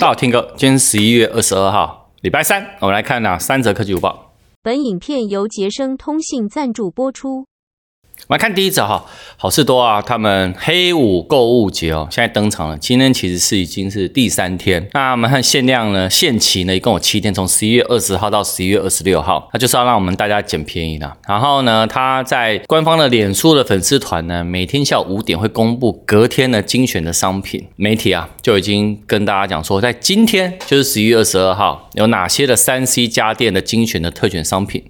大家好，Tim 哥，今天十一月二十二號，禮拜三，我們來看吶三則科技午報。本影片由杰生通信贊助播出。我們來看第一組哈，好市多啊，他們黑五購物節哦，現在登場了。今天其實是已經是第三天，那我們看限量呢，限期呢，一共有七天，從十一月二十號到十一月二十六號，那就是要讓我們大家撿便宜了。然後呢，他在官方的臉書的粉絲團呢，每天下午五點會公布隔天的精選的商品。媒體啊，就已經跟大家講說，在今天就是十一月二十二號，有哪些的三 C 家電的精選的特選商品。.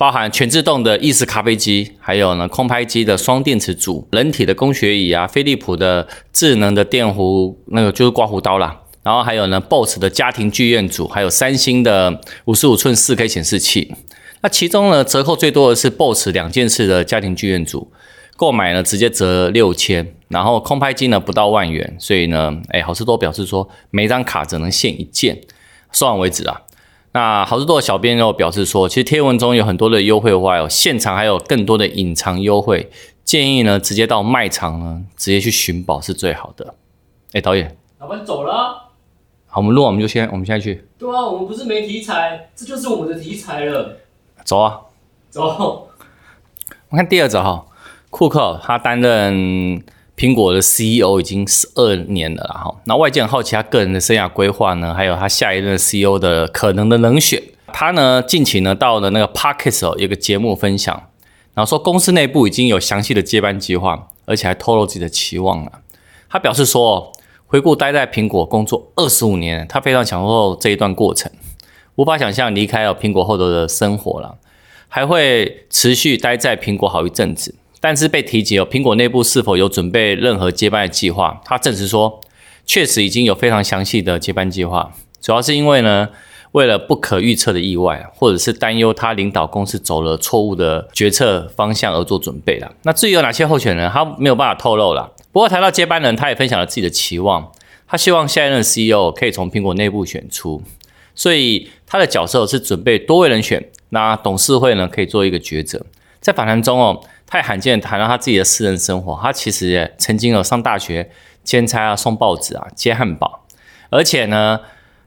包含全自動的意式咖啡機，還有呢，空拍機的雙電池組，人體的工學椅啊，飛利浦的智能的電弧，那個就是刮鬍刀啦，然後還有呢，BOSS 的家庭劇院組，還有三星的五十五寸四 K 顯示器。那其中呢，折扣最多的是 BOSS 兩件式的家庭劇院組，購買呢，直接折六千，然後空拍機呢不到萬元，所以呢，誒、欸、好市多表示說每張卡只能限一件，售完為止啊。那好市多的小編又表示說，其實貼文中有很多的優惠的話哦，現場還有更多的隱藏優惠，建議呢直接到賣場呢直接去尋寶是最好的。哎、欸，導演，老闆走了。好，我們錄完我們就先，我們現在去。對啊，我們不是沒題材，這就是我們的題材了。走啊，走。我看第二個哈、哦，庫克他擔任蘋果的 CEO 已經十二年了，然後那外界很好奇他個人的生涯規劃呢，還有他下一任 CEO 的可能的人選。他呢近期呢到了那個 Podcast、哦、有一個節目分享，然後說公司內部已經有詳細的接班計劃，而且還透露自己的期望了。他表示說，回顧待在蘋果工作二十五年，他非常享受這一段過程，無法想象離開了蘋果後頭的生活了，還會持續待在蘋果好一陣子。但是被提及哦，蘋果內部是否有準備任何接班的計劃？他證實說，確實已經有非常詳細的接班計劃，主要是因為呢，為了不可預測的意外，或者是擔憂他領導公司走了錯誤的決策方向而做準備啦。那至於有哪些候選人，他沒有辦法透露啦。不過談到接班人，他也分享了自己的期望，他希望下一任 CEO 可以從蘋果內部選出，所以他的角色是準備多位人選，那董事會呢可以做一個抉擇。在訪談中哦。太罕見，談到他自己的私人生活，他其實也曾經有上大學兼差啊，送報紙啊，接漢堡，而且呢，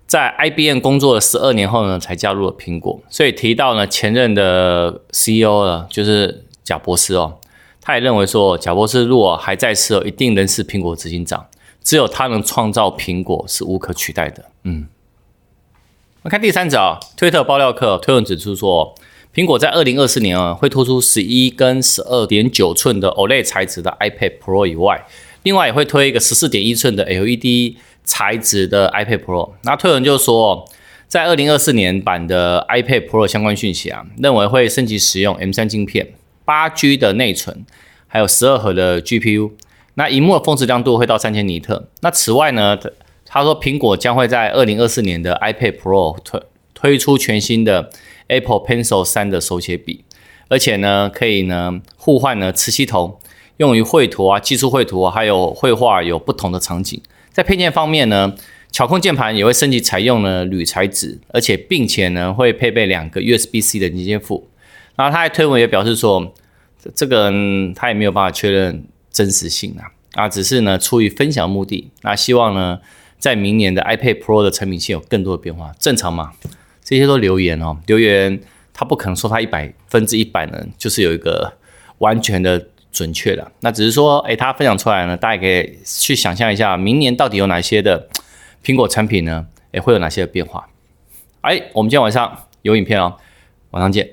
在 IBM 工作了十二年後呢，才加入了蘋果。所以提到呢，前任的 CEO 呢，就是賈伯斯哦，他也認為說，賈伯斯如果還在世，一定能是蘋果執行長，只有他能創造蘋果，是無可取代的。嗯，我們看第三則啊，推特爆料客推文指出說。蘋果在二零二四年啊，會推出十一跟十二點九寸的 OLED 材質的 iPad Pro 以外，另外也會推一個十四點一寸的 LED 材質的 iPad Pro。那推文就是說，在二零二四年版的 iPad Pro 的相關訊息啊，認為會升級使用 M 三晶片、八 G 的內存，還有十二核的 GPU。那螢幕的峰值亮度會到三千尼特。那此外呢，他說蘋果將會在二零二四年的 iPad Pro 推推出全新的。Apple Pencil 3的手寫筆，而且呢可以呢互換呢磁吸頭，用於繪圖啊、技術繪圖、啊、還有繪畫有不同的場景。在配件方面呢，巧控鍵盤也會升級採用呢鋁材質，而且並且呢會配備兩個 USB-C 的連接埠。然後他還推文也表示說，這個、嗯、他也沒有辦法確認真實性啊啊，只是呢出於分享的目的。那希望呢在明年的 iPad Pro 的產品線有更多的變化，正常嘛？這些都留言哦，留言他不可能說他一百分之一百呢，就是有一個完全的準確的，那只是說，哎，他分享出來呢，大家可以去想象一下，明年到底有哪些的蘋果產品呢？哎，會有哪些的變化？哎，我們今天晚上有影片哦，晚上見。